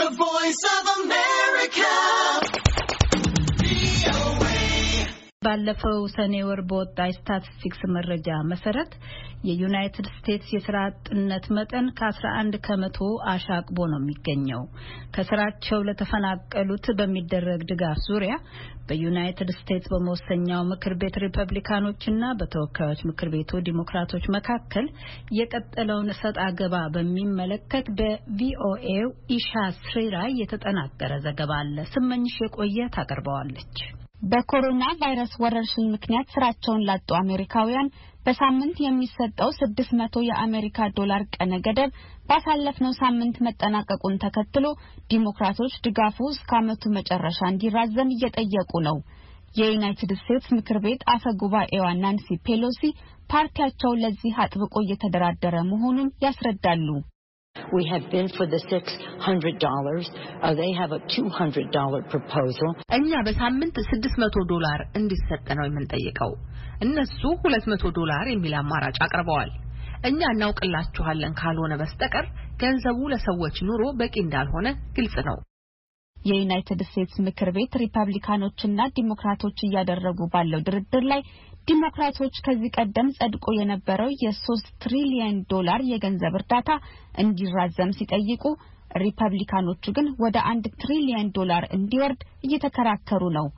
The Voice of America. ባለፈው ሰኔ ወር በወጣ የስታቲስቲክስ መረጃ መሰረት የዩናይትድ ስቴትስ የስራ አጥነት መጠን ከ11 ከመቶ አሻቅቦ ነው የሚገኘው። ከስራቸው ለተፈናቀሉት በሚደረግ ድጋፍ ዙሪያ በዩናይትድ ስቴትስ በመወሰኛው ምክር ቤት ሪፐብሊካኖችና በተወካዮች ምክር ቤቱ ዲሞክራቶች መካከል የቀጠለውን እሰጥ አገባ በሚመለከት በቪኦኤው ኢሻ ስሪራይ ላይ የተጠናቀረ ዘገባ አለ። ስመኝሽ የቆየ ታቀርበዋለች። በኮሮና ቫይረስ ወረርሽኝ ምክንያት ስራቸውን ላጡ አሜሪካውያን በሳምንት የሚሰጠው ስድስት መቶ የአሜሪካ ዶላር ቀነ ገደብ ባሳለፍነው ሳምንት መጠናቀቁን ተከትሎ ዲሞክራቶች ድጋፉ እስከ ዓመቱ መጨረሻ እንዲራዘም እየጠየቁ ነው። የዩናይትድ ስቴትስ ምክር ቤት አፈ ጉባኤዋ ናንሲ ፔሎሲ ፓርቲያቸው ለዚህ አጥብቆ እየተደራደረ መሆኑን ያስረዳሉ። We have been for the $600. Uh, they have a dollar proposal. እኛ በሳምንት 600 ዶላር እንዲሰጥ ነው የምንጠይቀው። እነሱ 200 ዶላር የሚል አማራጭ አቅርበዋል። እኛ እናውቅላችኋለን ካልሆነ በስተቀር ገንዘቡ ለሰዎች ኑሮ በቂ እንዳልሆነ ግልጽ ነው። የዩናይትድ ስቴትስ ምክር ቤት ሪፐብሊካኖችና ዲሞክራቶች እያደረጉ ባለው ድርድር ላይ ዲሞክራቶች ከዚህ ቀደም ጸድቆ የነበረው የሶስት ትሪሊየን ዶላር የገንዘብ እርዳታ እንዲራዘም ሲጠይቁ ሪፐብሊካኖቹ ግን ወደ አንድ ትሪሊየን ዶላር እንዲወርድ እየተከራከሩ ነው።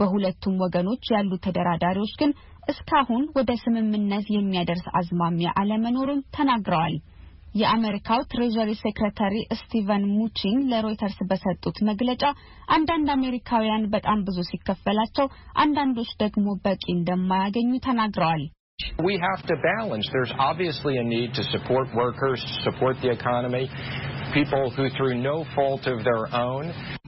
በሁለቱም ወገኖች ያሉ ተደራዳሪዎች ግን እስካሁን ወደ ስምምነት የሚያደርስ አዝማሚያ አለመኖሩን ተናግረዋል። የአሜሪካው ትሬዥሪ ሴክሬታሪ ስቲቨን ሙቺን ለሮይተርስ በሰጡት መግለጫ አንዳንድ አሜሪካውያን በጣም ብዙ ሲከፈላቸው፣ አንዳንዶች ደግሞ በቂ እንደማያገኙ ተናግረዋል። We have to balance. There's obviously a need to support workers, support the economy, people who through no fault of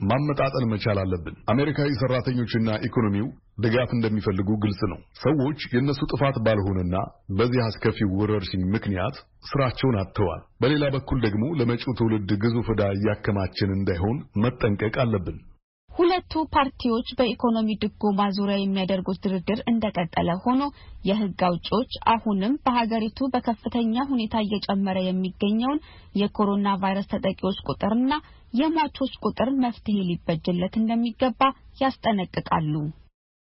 ማመጣጠን መቻል አለብን። አሜሪካዊ ሰራተኞችና ኢኮኖሚው ድጋፍ እንደሚፈልጉ ግልጽ ነው። ሰዎች የእነሱ ጥፋት ባልሆነና በዚህ አስከፊ ወረርሽኝ ምክንያት ስራቸውን አጥተዋል። በሌላ በኩል ደግሞ ለመጪው ትውልድ ግዙፍ ዕዳ እያከማችን እንዳይሆን መጠንቀቅ አለብን። ሁለቱ ፓርቲዎች በኢኮኖሚ ድጎማ ዙሪያ የሚያደርጉት ድርድር እንደቀጠለ ሆኖ የሕግ አውጪዎች አሁንም በሀገሪቱ በከፍተኛ ሁኔታ እየጨመረ የሚገኘውን የኮሮና ቫይረስ ተጠቂዎች ቁጥርና የሟቾች ቁጥር መፍትሄ ሊበጅለት እንደሚገባ ያስጠነቅቃሉ።